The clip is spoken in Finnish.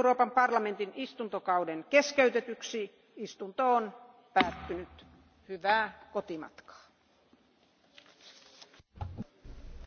euroopan parlamentin istuntokauden keskeytetyksi. istunto on päättynyt hyvää kotimatkaa.